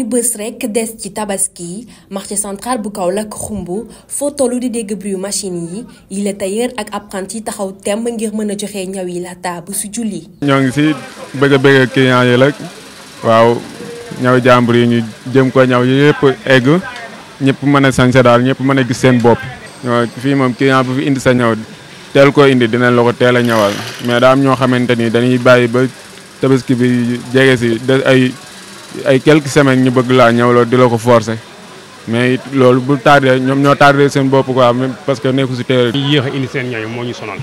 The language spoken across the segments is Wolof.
ay bés rekk des ci tabaski marché central bu Kaolack xumb foo tollu di dégg bruit machine yi yi la tailleur ak apprenti taxaw temb ngir mën a ñaw yi laata bu su julli. ñoo ngi bëgg bëgg client yi la waaw ñaw jàmbur yi ñu jëm ko ñaw yëpp egg ñëpp mën a sañse daal ñëpp gis seen bopp ñoo fii client bu fi indi sa ñaw indi dinañ la ko ñawal mais am dañuy ba tabaski bi ay. ay quelques semaine ñu bëgg laa ñëw loolu di la ko forcer mais loolu bu tardé ñoom ñoo tardé seen bopp quoi même parce que nekku si téere. ñuy yéex a indi seen ñaay moo ñu sonal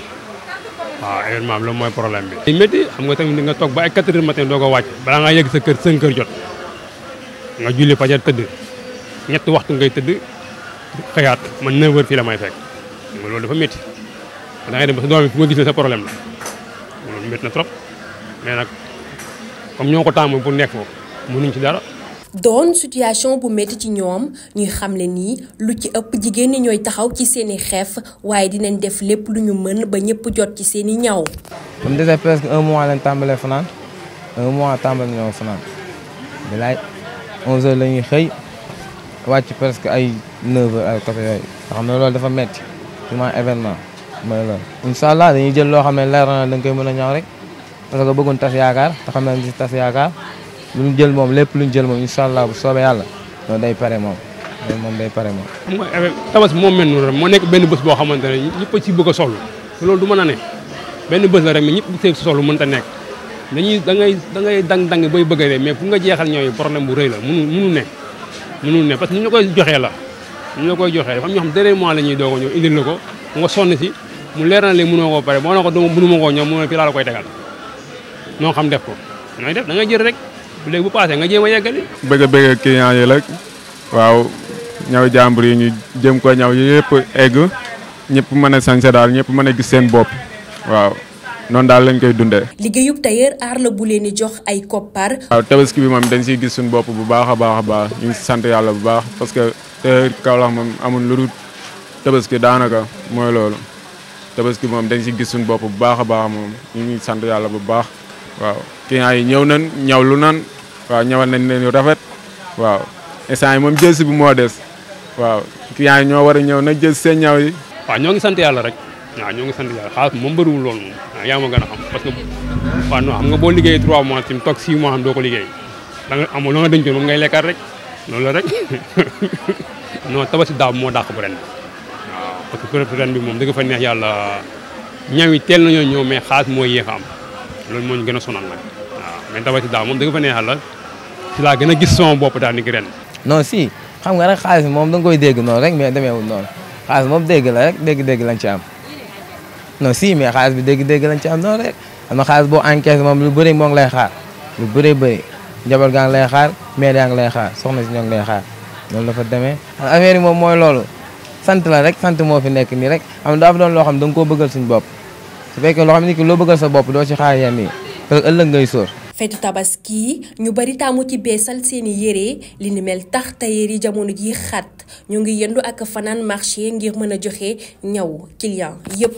waaw événement bi loolu mooy problème bi. day métti xam nga tamit nga toog ba ay 4 heures matin doo ko wàcc balaa ngaa yegg sa kër 5 jot nga julli fajar tëdd ñett waxtu ngay tëdd xëyaat man 9 heures fii la may fekk loolu dafa métti da ngay dem sa doom fu nga gis ne sa problème la na trop mais nag comme ñoo ko taamu pour nekk foofu. mënuñ ci dara. doon situation bu métti ci ñoom ñuy xamle nii lu ci ëpp jigéen ñi ñooy taxaw ci seeni xeef waaye dinañ def lépp lu ñu mën ba ñëpp jot ci seeni ñaw. comme déjà presque un mois lañ tàmbalee fanaan un mois tàmbale ñoo fanaan bilaay 11h la ñuy xëy wàcc presque ay 9h ay côté yooyu nga xam ne loolu dafa métti vraiment événement mooy loolu. incha allah dañuy jël loo xam ne leer na da nga koy mën a ñaw rek parce que bëggoon tas yaakaar te xam ne tas yaakaar. lu ñu jël moom lépp lu ñu jël moom incha allah bu soobee yàlla noonu day pare moom loolu moom day pare moom. xam nga tabaski moom mel noonu rek moo nekk benn bés boo xamante ne ñëpp a bëgg a soxla te loolu du mën a ne benn bés la rek mais ñëpp a nekk da ngay da ngay bay bëgg a dee mais fu nga jeexal ñooy problème bu rëy la mënu mënu ne mënu ne parce que ñu la koy joxee la ñu la koy joxee dafa am ñoo xam la ñuy doog a ñëw indil la ko nga sonn si mu leer na léegi mënoo koo pare boo na ko duma mënuma koo ñëw mu ne la koy tegal noo xam def ko nooy def da ngay jël rek léegi bu paasee nga jéem a yeggali. bëgg a bëgg client yi rek waaw ñaw jàmbur yi ñu jëm ko ñaw yëpp egg ñëpp mën a sañse daal ñëpp mën a gis seen bopp waaw noonu daal lañ koy dundee. liggéeyub tailleur aar la bu leen di jox ay koppar. waaw tabaski bi moom dañ siy gis suñu bopp bu baax a baax a baax ñu sant yàlla bu baax parce que tailleur Kaolack moom amul lu tabaski tabaski dañ gis bu baax ñu bu baax waaw client yi waaw ñëwal nañ leen yu rafet waaw instant yi moom jël si bi moo des waaw client yi ñoo war a ñëw nag jël seen ñaw yi. waaw ñoo ngi sant yàlla rek waaw ñoo ngi sant yàlla xaalis moom bëriwul loolu moom waaw yaa ma gën a xam parce que waaw non xam nga boo liggéeyee trois mois tim toog six mois xam doo ko liggéey da nga amul la nga dencoon moom ngay lekkaat rek loolu la rek non tabaski daaw moo dàq bu ren waaw parce que ren bi moom dëgg fa neex yàlla ñaw yi teel nañoo ñëw mais xaalis mooy yéex a am loolu moo ñu gën a sonal nag waaw mais tabaski daaw moom dëgg fa neex yàlla ci laa gën a gis sama bopp daal ni ki ren non si xam nga rek xaalis bi moom da nga koy dégg noonu rek mais demeewul noonu xaalis moom dégg la rek dégg-dégg lañ ci am non si mais xaalis bi dégg-dégg lañ ci am noonu rek am na xaalis boo encaisse moom lu bëri moo ngi lay xaar lu bëri bëri njaboot gaa ngi lay xaar mère yaa ngi lay xaar soxna si ñoo ngi lay xaar loolu la fa demee affaire yi moom mooy loolu sant la rek sant moo fi nekk nii rek am dafa doon loo xam da nga koo bëggal suñu bopp su fekkee loo xam ne ki loo bëggal sa bopp doo ci xaar yenn yi parce que ëllëg ngay sóor fetu tabaski ñu bari taamu ci beesal seeni yére li ni mel tax tailleur yi jamono ji xat ñu ngi yendu ak fanaan marché ngir mëna joxe ñaw client yépp